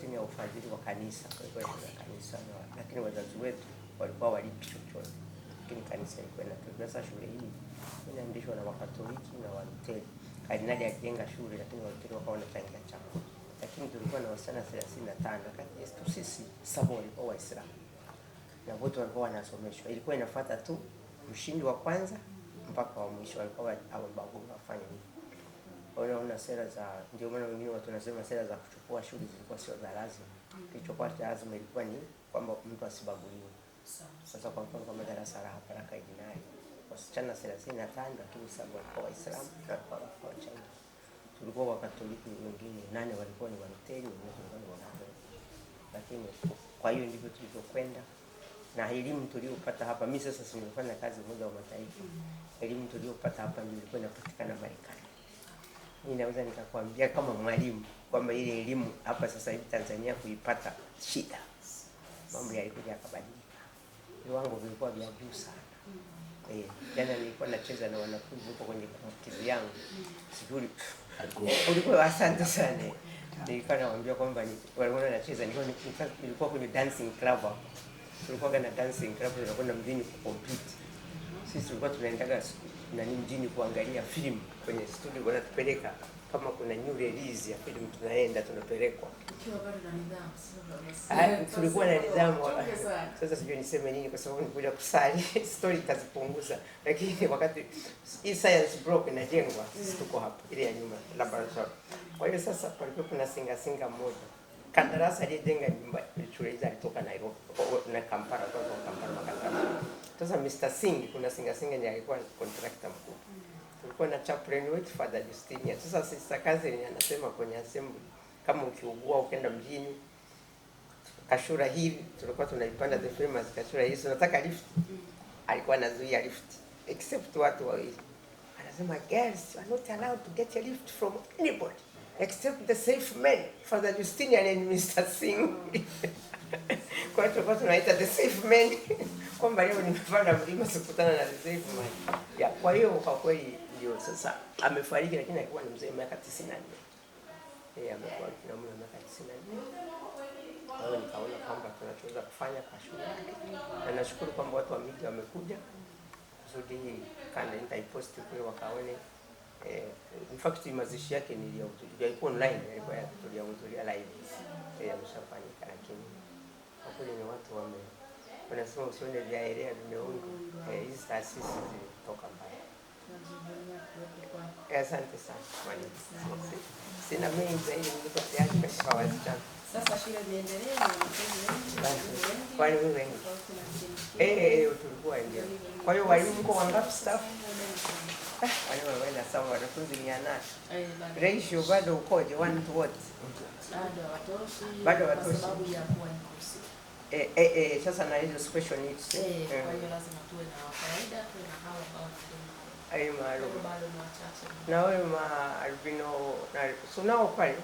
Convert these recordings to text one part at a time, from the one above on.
chini ya ufadhili wa kanisa, kanisa lakini wazazi wetu walikuwa walipi chochote, lakini kanisa ilikuwa inatubeba. Sasa shule hii inaendeshwa na Wakatoliki na Waluteri. Kardinali alijenga shule, lakini Waluteri wakawa wanachangia chakula, lakini tulikuwa na wasichana thelathini na tano kati yetu sisi saba walikuwa Waislamu na wote walikuwa wanasomeshwa. Ilikuwa inafuata tu mshindi wa kwanza mpaka wa mwisho, walikuwa hawabagui wafanye hivi wanaona sera za, ndio maana wengine watu wanasema sera za kuchukua shule zilikuwa sio za lazima. Mm. Kilichokuwa cha lazima ilikuwa ni kwamba mtu asibaguliwe. Sasa kwa mfano kama darasa la hapa la Kaidinai wasichana 35 lakini sababu walikuwa Waislamu na walikuwa Wachina. Tulikuwa Wakatoliki wengine nane walikuwa ni Walutheri wengine ni Wakatoliki. Lakini kwa hiyo ndivyo tulivyokwenda na elimu tuliyopata hapa. Mimi sasa simefanya kazi moja wa mataifa. Mm. Elimu tuliyopata hapa ndio ilikuwa inapatikana Marekani inaweza nikakwambia kama mwalimu kwamba ile elimu hapa sasa hivi Tanzania kuipata shida. Mambo yalikuja yakabadilika, viwango vilikuwa vya juu sana. Eh, jana nilikuwa nacheza na wanafunzi huko kwenye kumbukizi yangu, sijui ulikuwa. Asante sana. Nilikuwa nawaambia kwamba walikuwa nacheza, nilikuwa kwenye dancing club hapo, tulikuwa kana dancing club, tunakwenda mjini kucompete. Sisi tulikuwa tunaendaga na mjini kuangalia filamu kwenye studio wanatupeleka kama kuna new release ya filamu tunaenda tunapelekwa, ah, tulikuwa na nidhamu. Sasa sijui niseme nini, kwa sababu nikuja kusali story ikazipunguza, lakini wakati hii science block inajengwa mm. sisi tuko hapa, ile ya nyuma laboratory. Kwa hiyo sasa palikuwa kuna singa singa mmoja kandarasi aliyejenga nyumba shule alitoka Nairobi na Kampala, kutoka Kampala Kampala. Sasa Mr Singh, kuna singa singa ndiye alikuwa contractor mkubwa mm tulikuwa na chaplain wetu Father Justinian. Sasa Sister Catherine anasema kwenye assembly kama ukiugua ukenda mjini kashura hivi tulikuwa tunaipanda the famous kashura hizo, nataka lift, alikuwa anazuia lift except watu wawili, anasema girls are not allowed to get a lift from anybody except the safe men Father Justinian and Mr Singh. kwa tulikuwa tunaita the safe men kwamba leo nimepanda mlima sikutana na the safe men. Ya, kwa hiyo kwa kweli ndio sasa amefariki, lakini alikuwa ni mzee miaka 94. Yeye amekuwa na umri wa miaka 94. Kwa hiyo nikaona kwamba tunachoweza kufanya kwa shule, na nashukuru kwamba watu wa miji wamekuja kusudi hii kanda nitaiposti kule wakaone. Eh, in fact mazishi yake niliyahudhuria, ilikuwa online, ilikuwa tuliyahudhuria live eh, ameshafanyika, lakini kwa kweli ni watu wame wanasema usione vya elea vimeundwa. Eh, hizi taasisi zilitoka mbali Asante sana sina mengi zaidi katika wasichana. Walimu wengi eh, eh, eh, tulikuwa wengi. Kwa hiyo walimu mko wangapi stafu? Sawa, wanafunzi mia Ratio bado ukoje? One to what? Bado watoshi. Eh, eh, eh, sasa na hizo special needs. Kwa hiyo lazima tuwe na kawaida, tuwe na hao ambao hayo maalum na wewe maalbino sunao pale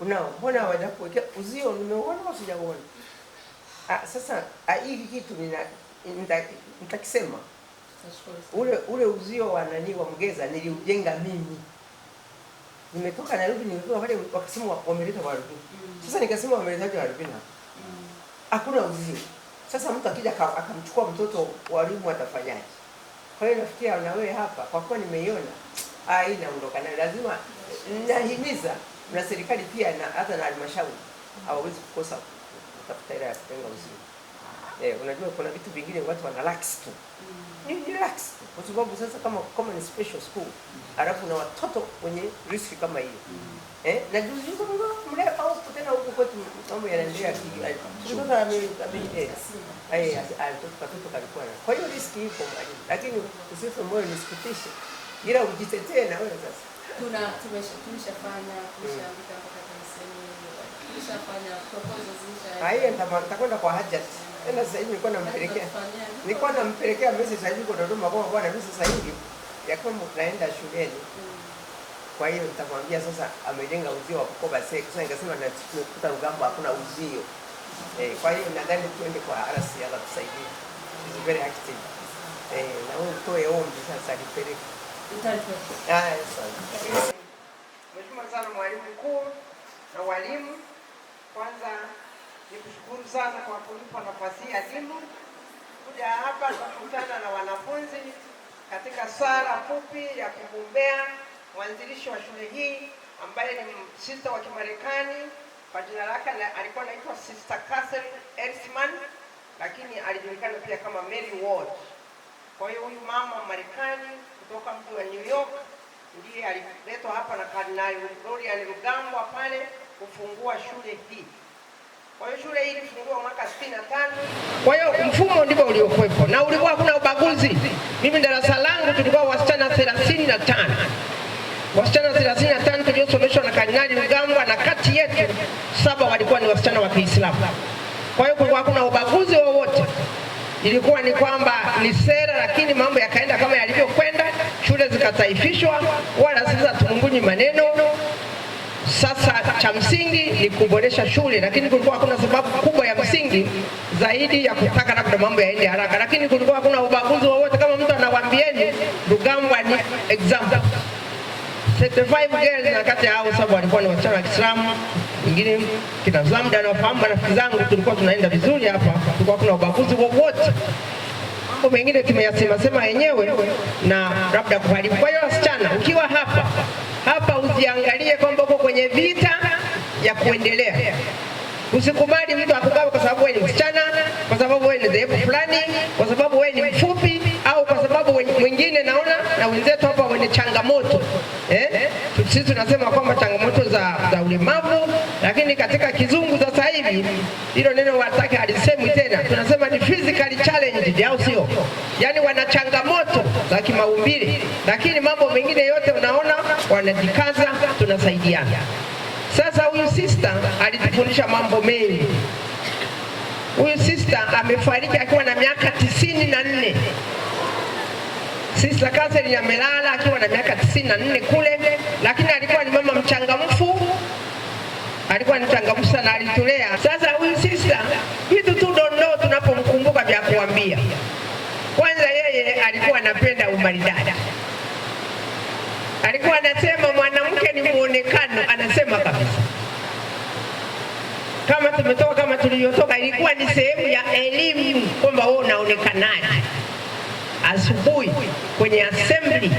unao, mbona hawajakuwekea uzio? Nimeuona sijaona. Ah, sasa ah, hiki kitu nitakisema, ule ule uzio wa nani wa mgeza niliujenga mimi, nimetoka Nairobi, nimetoka pale, wakasema wameleta Waarubini. Mm. Sasa nikasema wameletaje Waarubini hapa? Mm. Hakuna uzio. Sasa mtu akija akamchukua mtoto walimu atafanyaje? Kwa hiyo nafikia na wewe hapa, kwa kuwa nimeiona hii naondoka nayo, lazima nahimiza na serikali pia na hata na halmashauri hawawezi kukosa kutafuta hela ya kutenga uzio. Eh, unajua kuna vitu vingine watu wana relax tu. Ni relax Kwa sababu sasa kama kama ni special school, alafu na watoto wenye risk kama hiyo. Eh, na juzi juzi mlea hata huku kwetu mambo yanaendelea kitoto amekatoto kalikuwa na. Kwa hiyo riski ipo mwalimu, lakini usife moyo, nisikutishe, ila ujitetee na wewe sasa. Tuna tumeshafanya tumeshaandika mpaka nitakwenda kwa Hajat tena sasa hivi, nilikuwa nampelekea nilikuwa nampelekea message hajuko Dodoma kwa bwana mimi sasa hivi ya kwamba tunaenda shuleni mm. Kwa hiyo nitakwambia sasa, amejenga uzio wa kukoba sasa. ingesema na kuta ugambo hakuna uzio eh. Kwa hiyo nadhani tuende kwa RCA atusaidie, is very active eh, na wewe utoe ombi sasa lipeleke. Ah, Mheshimiwa sana mwalimu mkuu na walimu, kwanza nikushukuru sana kwa kunipa nafasi ya timu kuja hapa kukutana na wanafunzi katika sala fupi ya kugombea mwanzilishi wa shule hii ambaye ni sister wa Kimarekani kwa jina lake alikuwa anaitwa Sister Catherine Eastman, lakini alijulikana pia kama Mary Ward. Kwa hiyo huyu mama Marekani kutoka mji wa New York ndiye aliletwa hapa na Kardinali Florian Rugambwa pale kufungua shule hii. Kwa hiyo shule hii ilifungua mwaka 65. Kwa hiyo mfumo ndivyo uliokuwepo na ulikuwa hakuna ubaguzi. Mimi darasa langu tulikuwa wasichana 35 wasichana 35 tuliosomeshwa na Kardinali Rugambwa na kati yetu saba walikuwa ni wasichana wa Kiislamu. Kwa hiyo kulikuwa hakuna ubaguzi wowote, ilikuwa ni kwamba ni sera, lakini mambo yakaenda kama yalivyokwenda, shule zikataifishwa, wala sasa tumungunyi maneno. Sasa cha msingi ni kuboresha shule, lakini kulikuwa hakuna sababu kubwa ya msingi zaidi ya kutaka labda mambo yaende haraka, lakini kulikuwa hakuna ubaguzi wowote. Kama mtu anawaambieni Rugambwa ni example 75 girls na kati hao sababu walikuwa ni wasichana wa Kiislamu, wengine kina Zamda anawafahamu rafiki zangu, tulikuwa tunaenda vizuri hapa, tulikuwa kuna ubaguzi wowote. Mambo mengine tumeyasema sema yenyewe na labda kuharibu. Kwa hiyo wasichana, ukiwa hapa hapa usiangalie kwamba uko kwenye vita ya kuendelea. Usikubali mtu akugawe kwa sababu wewe ni msichana, kwa sababu wewe ni dhehebu fulani, kwa sababu wewe ni mfupi, au kwa sababu mwingine naona na wenzetu hapa wenye changamoto eh? sisi tunasema kwamba changamoto za, za ulemavu, lakini katika kizungu sasa hivi hilo neno watake alisemwi tena, tunasema ni physical challenge, au sio? yani wana changamoto za kimaumbile, lakini mambo mengine yote unaona wanajikaza, tunasaidiana. Sasa huyu sister alitufundisha mambo mengi. Huyu sister amefariki akiwa na miaka tisini na nne. Sister Catherine amelala akiwa na miaka tisini na nne kule, lakini alikuwa ni mama mchangamfu, alikuwa ni mchangamfu sana, alitulea. Sasa huyu sister vitu tu dondoo tunapomkumbuka vya kuambia. Kwanza yeye alikuwa anapenda umaridadi, alikuwa anasema mwanamke ni muonekano, anasema kabisa kama tumetoka kama tulivyotoka, ilikuwa ni sehemu ya elimu kwamba wewe unaonekanaje asubuhi kwenye assembly,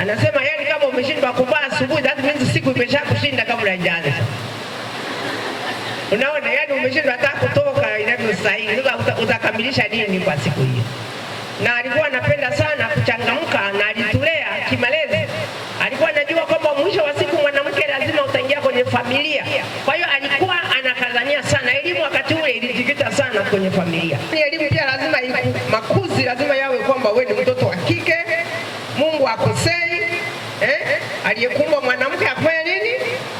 anasema yani kama umeshindwa kuvaa asubuhi, that means siku imesha kushinda kabla haijaanza. Unaona, yani umeshindwa hata kutoka inavyostahili. Sasa utakamilisha nini kwa siku hiyo? Na alikuwa anapenda sana kuchangamka, na alitulea kimalezi. Alikuwa anajua kwamba mwisho wa siku mwanamke lazima utaingia kwenye familia, kwa hiyo alikuwa anakazania sana elimu. Wakati ule ilijikita sana kwenye familia, elimu pia lazima, makuzi lazima yawe kwamba wewe ni mtoto wa kike, Mungu akosei eh? Aliyekuumba mwanamke afanya nini?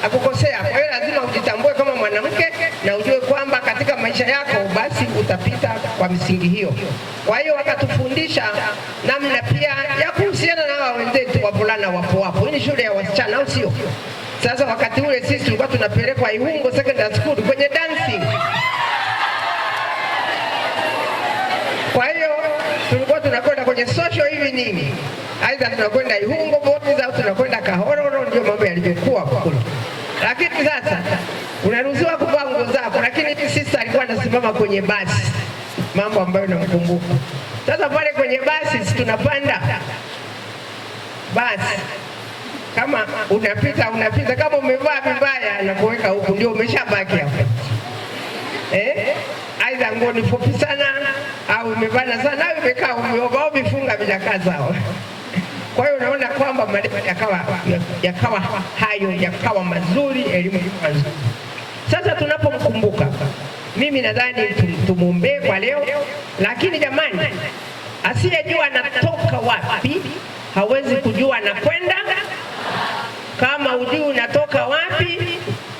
Akukosea. Kwa hiyo lazima ujitambue kama mwanamke na ujue kwamba katika maisha yako basi utapita kwa misingi hiyo. Kwa hiyo wakatufundisha namna pia ya kuhusiana na hawa wenzetu wavulana wapo wapo. Hii ni shule ya wasichana au sio? Sasa wakati ule sisi tulikuwa tunapelekwa Ihungo Secondary School kwenye dancing kwenye social hivi nini, aidha tunakwenda Ihungo Boys au tunakwenda Kahororo, ndio mambo yalivyokuwa kule. Lakini sasa unaruhusiwa kuvaa nguo zako, lakini sister alikuwa anasimama kwenye basi, mambo ambayo namkumbuka sasa. Pale kwenye basi tunapanda basi kama unapita unapita, kama umevaa vibaya, anakuweka huku, ndio umeshabaki hapo eh, aidha nguo ni fupi sana au imebana sana au imekaa uyoga au vifunga vijakaa sawa. Kwa hiyo unaona kwamba malengo yakawa yakawa hayo yakawa mazuri, elimu mazuri Sasa tunapomkumbuka, mimi nadhani tumwombee kwa leo, lakini jamani, asiyejua anatoka wapi hawezi kujua anakwenda. Kama ujui unatoka wapi,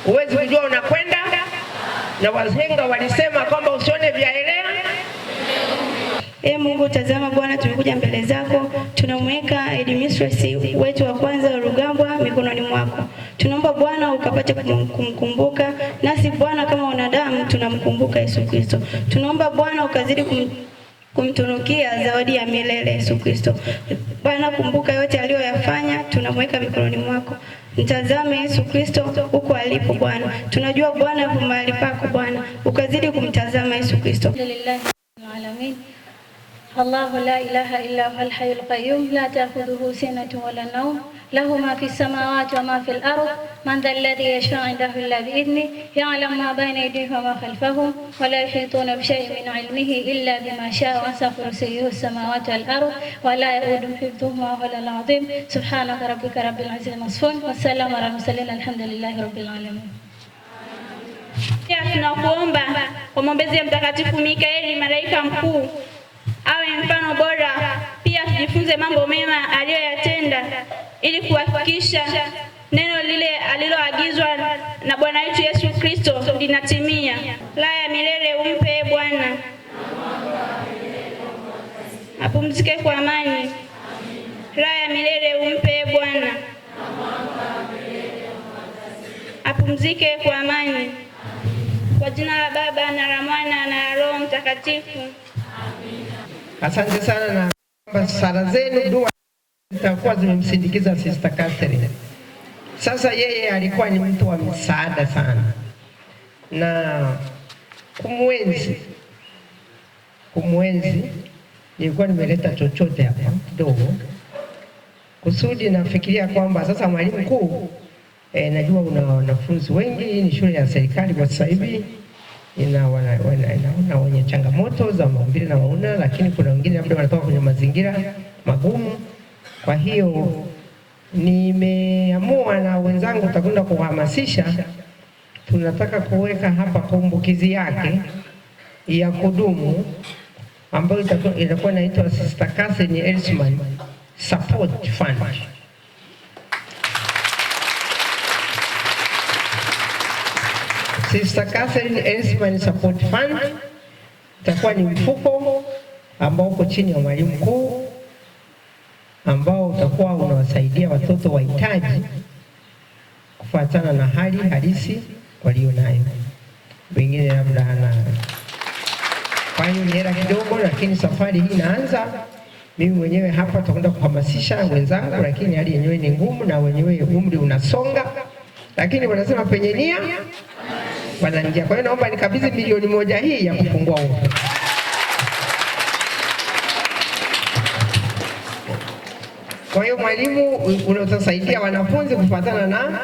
huwezi kujua unakwenda na wazinga walisema kwamba usione vyaelea. E Mungu, tazama Bwana, tumekuja mbele zako, tunamweka headmistress wetu wa kwanza wa Rugambwa mikononi mwako. Tunaomba Bwana ukapate kumkumbuka nasi Bwana, kama wanadamu tunamkumbuka Yesu Kristo. Tunaomba Bwana ukazidi kum kumtunukia zawadi ya milele Yesu Kristo. Bwana, kumbuka yote aliyoyafanya, tunamweka mikononi mwako. Mtazame Yesu Kristo huko alipo Bwana. Tunajua Bwana yupo mahali pako Bwana, ukazidi kumtazama Yesu Kristo. الله لا إله إلا هو الحي القيوم لا تأخذه سنة ولا نوم له ما في السماوات وما في الأرض من ذا الذي يشفع عنده إلا بإذنه يعلم ما بين يديه وما خلفهم ولا يحيطون بشيء من علمه إلا بما شاء وسع كرسيه السماوات والأرض ولا يؤود حفظهما ولا العظيم سبحانك ربك رب العزة المصفون والسلام على المرسلين الحمد لله رب العالمين tunakuomba kwa maombezi ya Mtakatifu Mikaeli, malaika mkuu awe mfano bora, pia tujifunze mambo mema aliyoyatenda ili kuhakikisha neno lile aliloagizwa na Bwana wetu Yesu Kristo linatimia. Raha ya milele umpe Bwana, apumzike kwa amani. Raha ya milele umpe Bwana, apumzike kwa amani. Kwa jina la Baba na la Mwana na la Roho Mtakatifu. Asante sana na kwamba sala zenu, dua zitakuwa zimemsindikiza Sister Catherine. Sasa yeye alikuwa ni mtu wa msaada sana na kumwenzi, kumwenzi. Nilikuwa nimeleta chochote hapa kidogo, kusudi nafikiria kwamba sasa mwalimu mkuu, eh, najua una wanafunzi wengi, ni shule ya serikali kwa sasa hivi inaona ina wenye changamoto za maumbile na waona, lakini kuna wengine labda wanatoka kwenye mazingira magumu. Kwa hiyo nimeamua na wenzangu tutakwenda kuhamasisha, tunataka kuweka hapa kumbukizi yake ya kudumu ambayo itakuwa inaitwa Sister Cassen Elsman Support Fund. Sister Catherine Esman Support Fund itakuwa ni mfuko ambao uko chini ya mwalimu mkuu ambao utakuwa unawasaidia watoto wahitaji kufuatana na hali halisi walio nayo, wengine labda ana kwani ni hela kidogo, lakini safari hii inaanza. Mimi mwenyewe hapa tutakwenda kuhamasisha wenzangu, lakini hali yenyewe ni ngumu na wenyewe umri unasonga, lakini wanasema penye nia wananjia Kwa hiyo naomba nikabidhi milioni moja hii ya kufungua huko. Kwa hiyo mwalimu, unawasaidia wanafunzi kufuatana na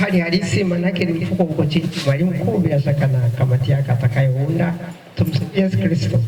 hali halisi, maanake ni mfuko uko chini. Mwalimu mkuu bila shaka na kamati yake atakayounda. Tumsikie Yesu Kristo.